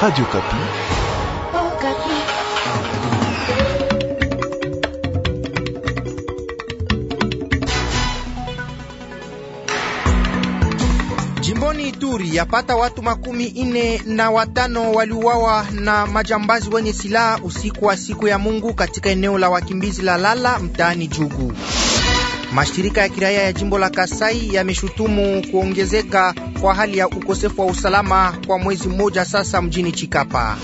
Radio Kapi. Oh, Kapi. Jimboni Ituri yapata watu makumi ine na watano waliuawa na majambazi wenye silaha usiku wa siku ya Mungu katika eneo la wakimbizi la Lala mtaani Jugu. Mashirika ya kiraia ya jimbo la Kasai yameshutumu kuongezeka kwa hali ya ukosefu wa usalama kwa mwezi mmoja sasa mjini Chikapa.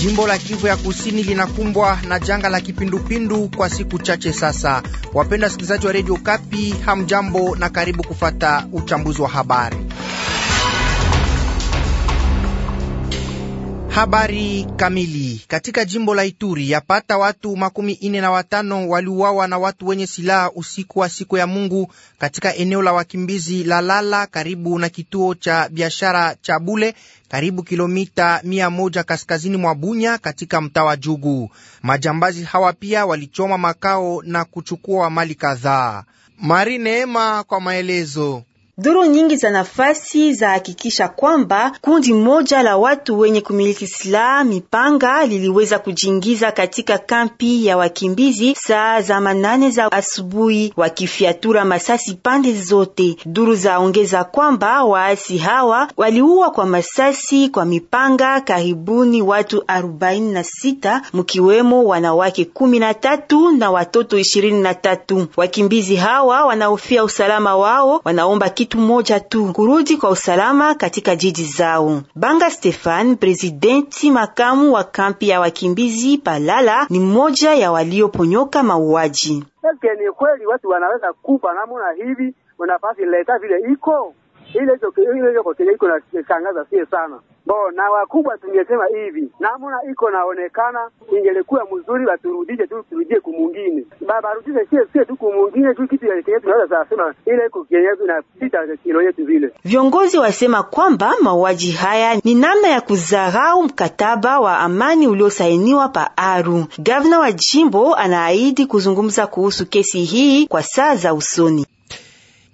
Jimbo la Kivu ya Kusini linakumbwa na janga la kipindupindu kwa siku chache sasa. Wapenda wasikilizaji wa Radio Kapi, hamjambo na karibu kufata uchambuzi wa habari. Habari kamili. Katika jimbo la Ituri yapata watu makumi ine na watano waliuawa na watu wenye silaha usiku wa siku ya Mungu katika eneo la wakimbizi la Lala karibu na kituo cha biashara cha Bule karibu kilomita mia moja kaskazini mwa Bunya katika mtaa wa Jugu. Majambazi hawa pia walichoma makao na kuchukua mali kadhaa. Mari Neema kwa maelezo. Duru nyingi za nafasi zahakikisha kwamba kundi moja la watu wenye kumiliki silaha mipanga liliweza kujingiza katika kampi ya wakimbizi saa za manane za asubuhi, wakifyatura masasi pande zote. Duru zaongeza kwamba waasi hawa waliua kwa masasi kwa mipanga karibuni watu 46 mkiwemo wanawake 13 na watoto 23. Wakimbizi hawa wanahofia usalama wao, wanaomba kitu moja tu, kurudi kwa usalama katika jiji zao. Banga Stefan, presidenti makamu wa kampi ya wakimbizi Palala, ni mmoja ya walioponyoka mauaji. Ni kweli watu wanaweza kufa namna hivi, wanafasi leta vile iko ile, hiyo iko na shangaza sie sana bo na wakubwa tungesema hivi, namna iko naonekana ingelikuwa mzuri, baturudishe tu, turudie kumungine, barudishe sie sie tu kumungine tu kitu yenye tunaweza kusema ile iko yenye inapita kilo yetu vile. Viongozi wasema kwamba mauaji haya ni namna ya kudharau mkataba wa amani uliosainiwa pa Aru. Gavana wa jimbo anaahidi kuzungumza kuhusu kesi hii kwa saa za usoni.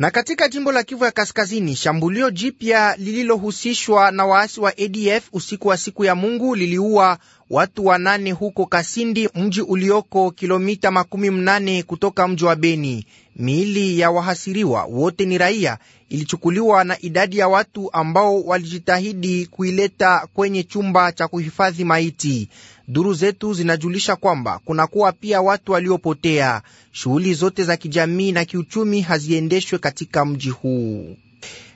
Na katika jimbo la Kivu ya Kaskazini, shambulio jipya lililohusishwa na waasi wa ADF usiku wa siku ya Mungu liliua watu wanane huko Kasindi, mji ulioko kilomita makumi mnane kutoka mji wa Beni miili ya wahasiriwa wote ni raia ilichukuliwa na idadi ya watu ambao walijitahidi kuileta kwenye chumba cha kuhifadhi maiti. Duru zetu zinajulisha kwamba kunakuwa pia watu waliopotea. Shughuli zote za kijamii na kiuchumi haziendeshwe katika mji huu.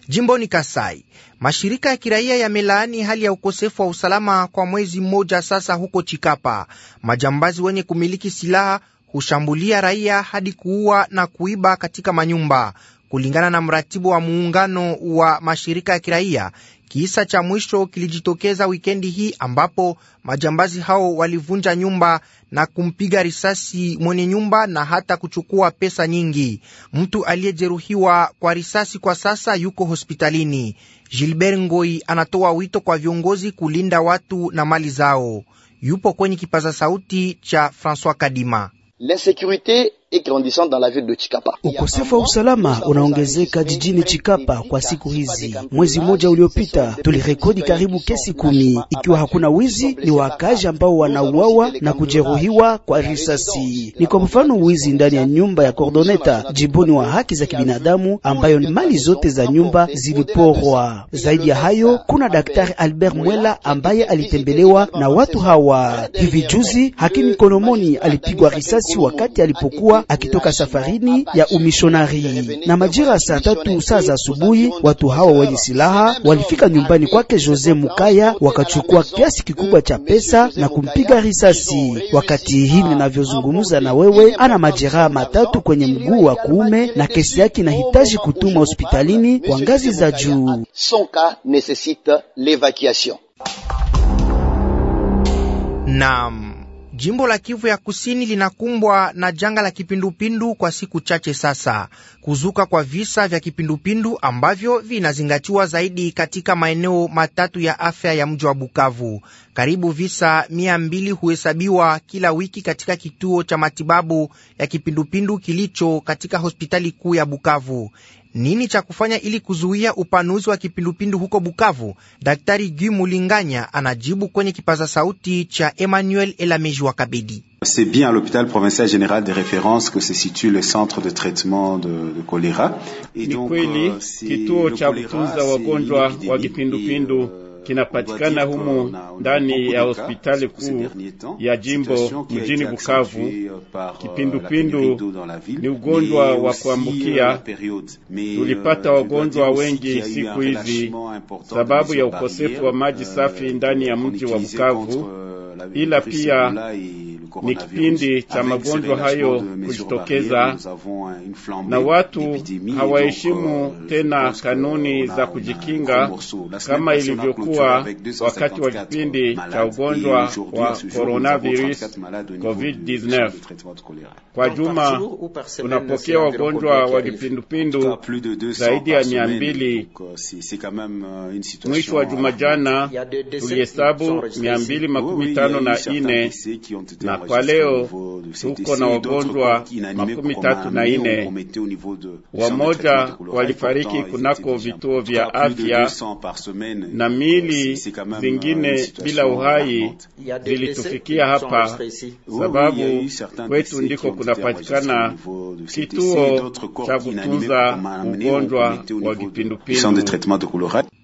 Jimboni Kasai, mashirika ya kiraia yamelaani hali ya ukosefu wa usalama kwa mwezi mmoja sasa huko Chikapa. Majambazi wenye kumiliki silaha kushambulia raia hadi kuua na kuiba katika manyumba. Kulingana na mratibu wa muungano wa mashirika ya kiraia, kisa cha mwisho kilijitokeza wikendi hii ambapo majambazi hao walivunja nyumba na kumpiga risasi mwenye nyumba na hata kuchukua pesa nyingi. Mtu aliyejeruhiwa kwa risasi kwa sasa yuko hospitalini. Gilbert Ngoi anatoa wito kwa viongozi kulinda watu na mali zao. Yupo kwenye kipaza sauti cha Francois Kadima. La sécurité. Ukosefu wa usalama unaongezeka jijini Chikapa kwa siku hizi. Mwezi mmoja uliopita, tulirekodi karibu kesi kumi, ikiwa hakuna wizi, ni wakazi ambao wanauawa na kujeruhiwa kwa risasi. Ni kwa mfano wizi ndani ya nyumba ya Kordoneta jiboni wa haki za kibinadamu, ambayo mali zote za nyumba ziliporwa. Zaidi ya hayo, kuna Daktari Albert Mwela ambaye alitembelewa na watu hawa hivi juzi. Hakimu Kolomoni alipigwa risasi wakati alipokuwa alikuwa akitoka safarini ya umishonari. Na majira saa tatu saa za asubuhi, watu hawa wenye silaha walifika nyumbani kwake Jose Mukaya, wakachukua kiasi kikubwa cha pesa na kumpiga risasi. Wakati hii ninavyozungumza na wewe, ana majeraha matatu kwenye mguu wa kuume na kesi yake inahitaji kutumwa hospitalini kwa ngazi za juu. Naam. Jimbo la Kivu ya Kusini linakumbwa na janga la kipindupindu kwa siku chache sasa. Kuzuka kwa visa vya kipindupindu ambavyo vinazingatiwa zaidi katika maeneo matatu ya afya ya mji wa Bukavu. Karibu visa mia mbili huhesabiwa kila wiki katika kituo cha matibabu ya kipindupindu kilicho katika hospitali kuu ya Bukavu nini cha kufanya ili kuzuia upanuzi wa kipindupindu huko Bukavu? Daktari Gu Mulinganya anajibu kwenye kipaza sauti cha Emmanuel Elameji wa Kabedi. C'est bien à l'hôpital provincial général de référence que se situe le centre de traitement de, de choléra. Ni kweli euh, kituo cha kutunza wagonjwa wa kipindupindu kinapatikana humo ndani ya hospitali kuu ya jimbo mjini Bukavu. Euh, euh, Kipindupindu ni ugonjwa wa kuambukia, euh, tulipata wagonjwa wengi siku hizi sababu ya ukosefu wa maji safi ndani ya mji wa Bukavu, ila pia ni kipindi cha magonjwa hayo kujitokeza, na watu hawaheshimu euh, tena kanuni za kujikinga kama ilivyokuwa wakati wa kipindi cha ugonjwa wa coronavirus COVID-19. Kwa juma unapokea wagonjwa wa kipindupindu zaidi ya mia mbili. Euh, euh, Mwisho wa juma jana tulihesabu mia mbili makumi oh tano na nne na kwa leo tuko na wagonjwa makumi tatu na ine, wamoja walifariki kunako vituo vya afya na mili zingine bila uhai zilitufikia hapa, sababu kwetu ndiko kunapatikana kituo cha kutunza ugonjwa wa kipindupindu.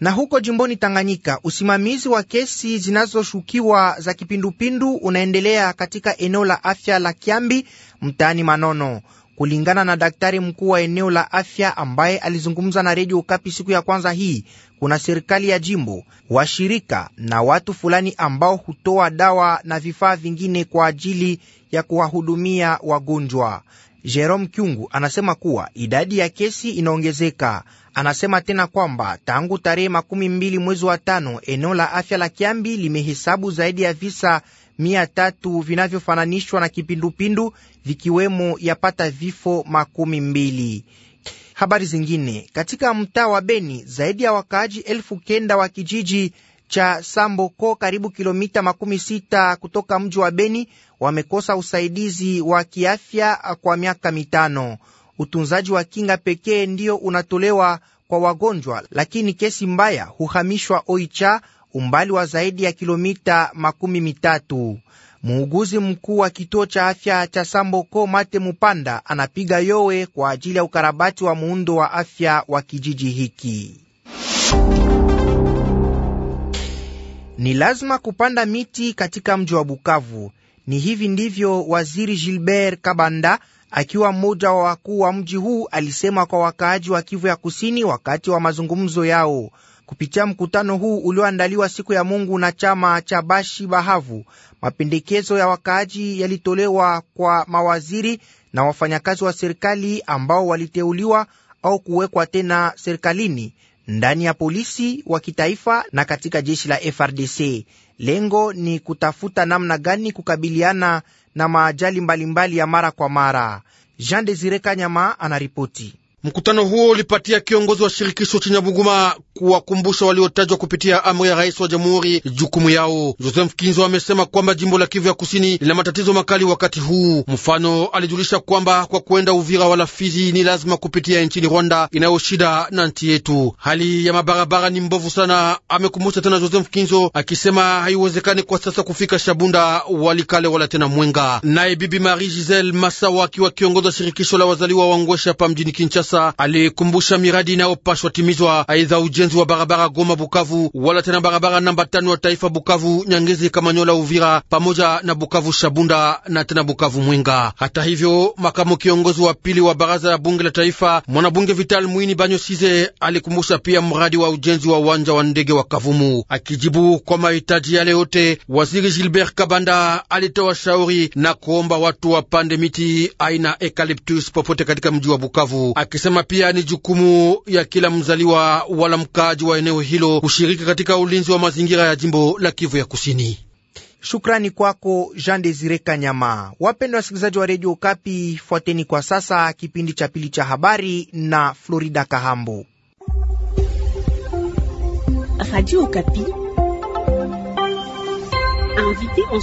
Na huko jimboni Tanganyika, usimamizi wa kesi zinazoshukiwa za kipindupindu unaendelea katika eneo la afya la Kiambi mtaani Manono. Kulingana na daktari mkuu wa eneo la afya ambaye alizungumza na redio Ukapi siku ya kwanza hii, kuna serikali ya jimbo, washirika na watu fulani ambao hutoa dawa na vifaa vingine kwa ajili ya kuwahudumia wagonjwa. Jerome Kyungu anasema kuwa idadi ya kesi inaongezeka. Anasema tena kwamba tangu tarehe makumi mbili mwezi wa tano eneo la afya la Kiambi limehesabu zaidi ya visa mia tatu vinavyofananishwa na kipindupindu vikiwemo yapata vifo makumi mbili. Habari zingine katika mtaa wa Beni, zaidi ya wakaaji elfu kenda wa kijiji cha Samboko, karibu kilomita makumi sita kutoka mji wa Beni, wamekosa usaidizi wa kiafya kwa miaka mitano. Utunzaji wa kinga pekee ndiyo unatolewa kwa wagonjwa, lakini kesi mbaya huhamishwa Oicha, umbali wa zaidi ya kilomita makumi mitatu. Muuguzi mkuu wa kituo cha afya cha Samboko Mate Mupanda anapiga yowe kwa ajili ya ukarabati wa muundo wa afya wa kijiji hiki. Ni lazima kupanda miti katika mji wa Bukavu. Ni hivi ndivyo waziri Gilbert Kabanda akiwa mmoja wa wakuu wa mji huu alisema kwa wakaaji wa Kivu ya Kusini wakati wa mazungumzo yao kupitia mkutano huu ulioandaliwa siku ya Mungu na chama cha Bashi Bahavu. Mapendekezo ya wakaaji yalitolewa kwa mawaziri na wafanyakazi wa serikali ambao waliteuliwa au kuwekwa tena serikalini ndani ya polisi wa kitaifa na katika jeshi la FRDC. Lengo ni kutafuta namna gani kukabiliana na maajali mbalimbali mbali ya mara kwa mara. Jean Desire Kanyama anaripoti. Mkutano huo ulipatia kiongozi wa shirikisho Chinyabuguma kuwakumbusha waliotajwa kupitia amri ya rais wa jamhuri jukumu yao. Joseph Kinzo amesema kwamba jimbo la Kivu ya kusini lina matatizo makali wakati huu. Mfano, alijulisha kwamba kwa kuenda Uvira wala Fizi ni lazima kupitia nchini Rwanda inayoshida na nchi yetu. Hali ya mabarabara ni mbovu sana, amekumbusha tena Joseph Kinzo akisema haiwezekani kwa sasa kufika Shabunda walikale wala tena Mwenga. Naye bibi Marie Giselle Masawa akiwa kiongozi wa shirikisho la wazaliwa wangwesha hapa mjini Kinshasa Kinshasa alikumbusha miradi inayopashwa timizwa, aidha ujenzi wa barabara Goma Bukavu, wala tena barabara namba tano ya taifa Bukavu Nyangezi Kamanyola Uvira, pamoja na Bukavu Shabunda na tena Bukavu Mwenga. Hata hivyo, makamu kiongozi wa pili wa baraza ya bunge la taifa mwanabunge Vital Mwini Banyosize alikumbusha pia mradi wa ujenzi wa uwanja wa ndege wa Kavumu. Akijibu kwa mahitaji yale yote, waziri Gilbert Kabanda alitoa shauri na kuomba watu wapande miti aina eucalyptus popote katika mji wa Bukavu Aki akisema pia ni jukumu ya kila mzaliwa wala mkaaji wa eneo hilo kushiriki katika ulinzi wa mazingira ya jimbo la Kivu ya Kusini. Shukrani kwako Jean Desire Kanyama. Wapendwa wasikilizaji wa redio Kapi, fuateni kwa sasa kipindi cha pili cha habari na Florida Kahambo. Radio Kapi invité en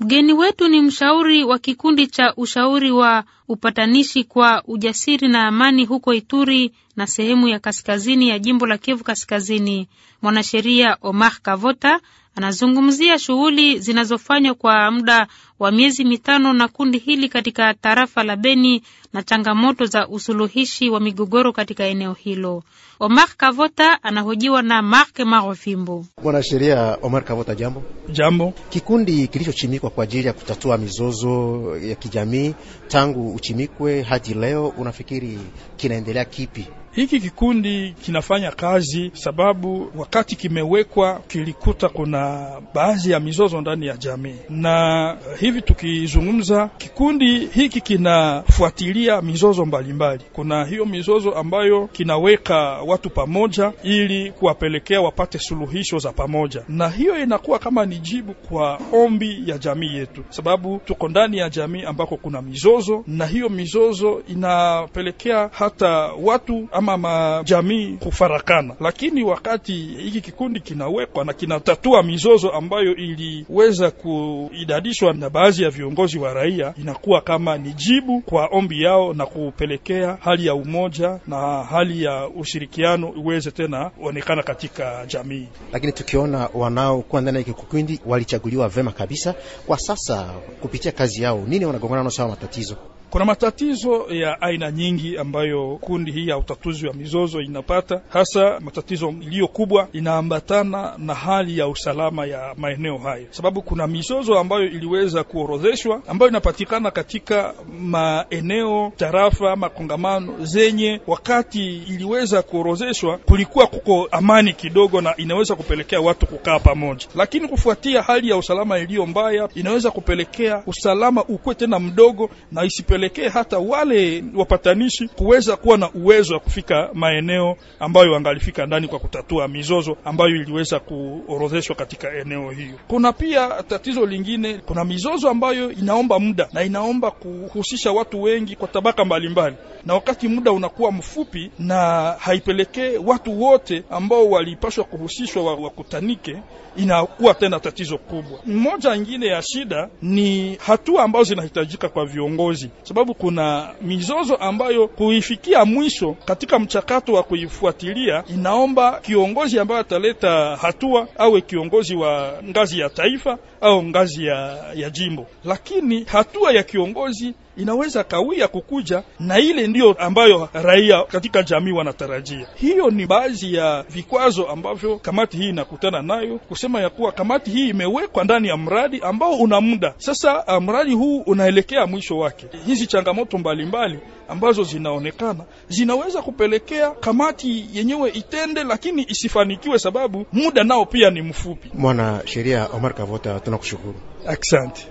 Mgeni wetu ni mshauri wa kikundi cha ushauri wa upatanishi kwa ujasiri na amani huko Ituri na sehemu ya kaskazini ya jimbo la Kivu Kaskazini, mwanasheria Omar Kavota Anazungumzia shughuli zinazofanywa kwa muda wa miezi mitano na kundi hili katika tarafa la Beni na changamoto za usuluhishi wa migogoro katika eneo hilo. Omar Kavota anahojiwa na Mark Marofimbo. Mwanasheria Omar Kavota, jambo. Jambo. Kikundi kilichochimikwa kwa ajili ya kutatua mizozo ya kijamii tangu uchimikwe hadi leo, unafikiri kinaendelea kipi hiki kikundi kinafanya kazi sababu wakati kimewekwa kilikuta kuna baadhi ya mizozo ndani ya jamii, na hivi tukizungumza, kikundi hiki kinafuatilia mizozo mbalimbali mbali. Kuna hiyo mizozo ambayo kinaweka watu pamoja ili kuwapelekea wapate suluhisho za pamoja, na hiyo inakuwa kama ni jibu kwa ombi ya jamii yetu, sababu tuko ndani ya jamii ambako kuna mizozo, na hiyo mizozo inapelekea hata watu ama majamii kufarakana, lakini wakati hiki kikundi kinawekwa na kinatatua mizozo ambayo iliweza kuidadishwa na baadhi ya viongozi wa raia, inakuwa kama ni jibu kwa ombi yao na kupelekea hali ya umoja na hali ya ushirikiano iweze tena onekana katika jamii. Lakini tukiona wanaokuwa ndani ya kikundi walichaguliwa vema kabisa, kwa sasa kupitia kazi yao nini wanagongana nao sawa matatizo kuna matatizo ya aina nyingi ambayo kundi hii ya utatuzi wa mizozo inapata, hasa matatizo iliyo kubwa inaambatana na hali ya usalama ya maeneo hayo, sababu kuna mizozo ambayo iliweza kuorodheshwa ambayo inapatikana katika maeneo tarafa, makongamano zenye wakati iliweza kuorozeshwa kulikuwa kuko amani kidogo, na inaweza kupelekea watu kukaa pamoja, lakini kufuatia hali ya usalama iliyo mbaya inaweza kupelekea usalama ukuwe tena mdogo na isipelekea kupelekea hata wale wapatanishi kuweza kuwa na uwezo wa kufika maeneo ambayo wangalifika ndani kwa kutatua mizozo ambayo iliweza kuorodheshwa katika eneo hiyo. Kuna pia tatizo lingine, kuna mizozo ambayo inaomba muda na inaomba kuhusisha watu wengi kwa tabaka mbalimbali mbali. Na wakati muda unakuwa mfupi na haipelekee watu wote ambao walipashwa kuhusishwa wakutanike wa inakuwa tena tatizo kubwa. Mmoja ingine ya shida ni hatua ambazo zinahitajika kwa viongozi, sababu kuna mizozo ambayo kuifikia mwisho katika mchakato wa kuifuatilia inaomba kiongozi ambayo ataleta hatua awe kiongozi wa ngazi ya taifa au ngazi ya, ya jimbo, lakini hatua ya kiongozi inaweza kawia kukuja na ile ndiyo ambayo raia katika jamii wanatarajia. Hiyo ni baadhi ya vikwazo ambavyo kamati hii inakutana nayo, kusema ya kuwa kamati hii imewekwa ndani ya mradi ambao una muda sasa. Ah, mradi huu unaelekea mwisho wake. Hizi changamoto mbalimbali mbali ambazo zinaonekana zinaweza kupelekea kamati yenyewe itende, lakini isifanikiwe sababu muda nao pia ni mfupi. Mwana sheria Omar Kavota, tunakushukuru. Asante.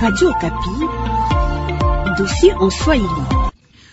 Radio Kapi, dossier en Swahili.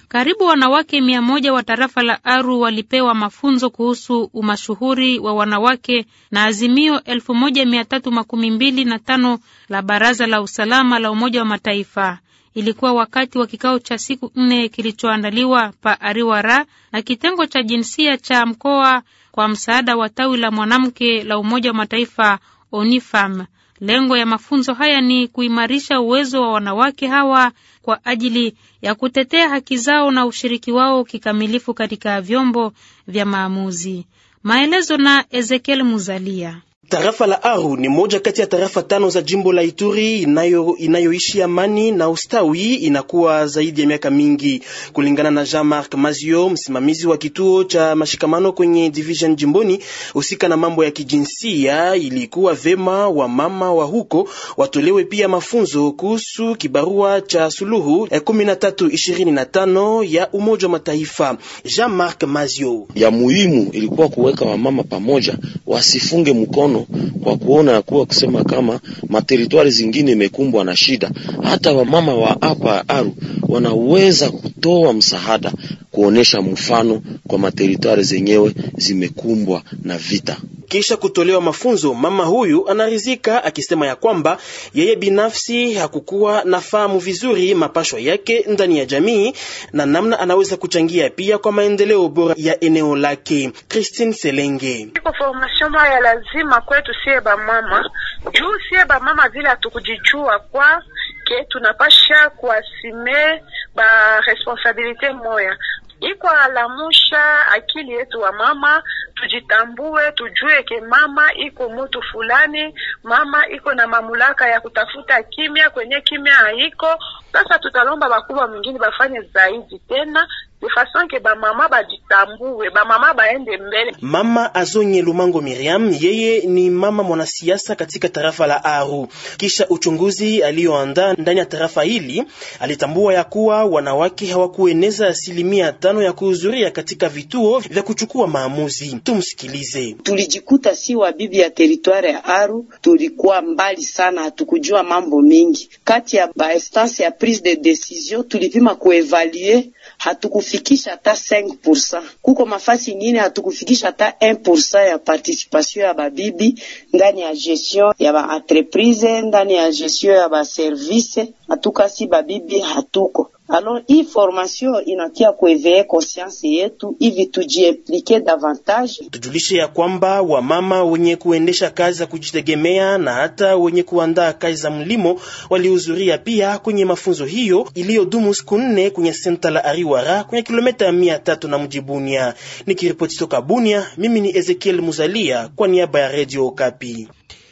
Karibu wanawake mia moja wa tarafa la Aru walipewa mafunzo kuhusu umashuhuri wa wanawake na azimio elfu moja mia tatu makumi mbili na tano la Baraza la Usalama la Umoja wa Mataifa. Ilikuwa wakati wa kikao cha siku nne kilichoandaliwa pa Ariwara na kitengo cha jinsia cha mkoa kwa msaada wa tawi la mwanamke la Umoja wa Mataifa ONIFAM. Lengo ya mafunzo haya ni kuimarisha uwezo wa wanawake hawa kwa ajili ya kutetea haki zao na ushiriki wao kikamilifu katika vyombo vya maamuzi. Maelezo na Ezekiel Muzalia. Tarafa la Aru ni moja kati ya tarafa tano za jimbo la Ituri inayo inayoishi amani na ustawi inakuwa zaidi ya miaka mingi, kulingana na Jean Marc Mazio, msimamizi wa kituo cha mashikamano kwenye division jimboni husika na mambo ya kijinsia. Ilikuwa vema wa mama wa huko watolewe pia mafunzo kuhusu kibarua cha suluhu 1325 ya Umoja wa Mataifa. Jean Marc Mazio: ya muhimu ilikuwa kuweka wamama pamoja, wasifunge mkono kwa kuona ya kuwa kusema kama materitwari zingine imekumbwa na shida, hata wamama wa hapa Aru wanaweza kutoa msaada kuonesha mfano kwa materitwari zenyewe zimekumbwa na vita. Kisha kutolewa mafunzo, mama huyu anarizika akisema ya kwamba yeye binafsi hakukuwa nafahamu vizuri mapashwa yake ndani ya jamii na namna anaweza kuchangia pia kwa maendeleo bora ya eneo lake. Christine Selenge: iko formation ya lazima kwetu sie bamama, juu sie bamama vile atukujichua kwa ke tunapasha kuasime ba responsabilite moya, iko alamusha akili yetu wa mama tujitambue, tujue ke mama iko mutu fulani, mama iko na mamulaka ya kutafuta kimya kwenye kimya haiko. Sasa tutalomba bakubwa mwingine bafanye zaidi tena de façon que ba ba mama ke ba mama ba ende mbele. Mama Azonye Lumango Miriam, yeye ni mama mwanasiasa katika tarafa la Aru. Kisha uchunguzi aliyoandaa ndani ya tarafa hili, alitambua ya kuwa wanawake hawakueneza asilimia tano ya kuhudhuria katika vituo vya kuchukua maamuzi. Tumsikilize. Tulijikuta si wa bibi ya teritwari ya Aru, tulikuwa mbali sana, hatukujua mambo mengi kati ya bainstance ya prise de decision, tulipima kuevalue hatuku hatukufikisha hata 5%. Kuko mafasi ingine hatukufikisha hata 1% ya participation ya babibi ndani ya gestion ya ba entreprise, ndani ya gestion ya ba service. Hatukasi babibi hatuko Alors hii formation inatia kueveye conscience yetu ivi tujieplike davantage. Tujulishe ya kwamba wamama wenye kuendesha kazi za kujitegemea na hata wenye kuandaa kazi za mlimo walihudhuria pia kwenye mafunzo hiyo iliyodumu siku nne kwenye senta la Ariwara kwenye kilomita mia tatu na mji Bunia. Nikiripoti toka Bunia, mimi ni Ezekiel Muzalia kwa niaba ya redio Okapi.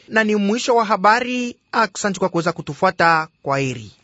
Na ni mwisho wa habari. Aksanti kwa kuweza kutufuata. Kwaheri.